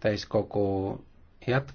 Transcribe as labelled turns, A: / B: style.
A: täiskogu jätkab.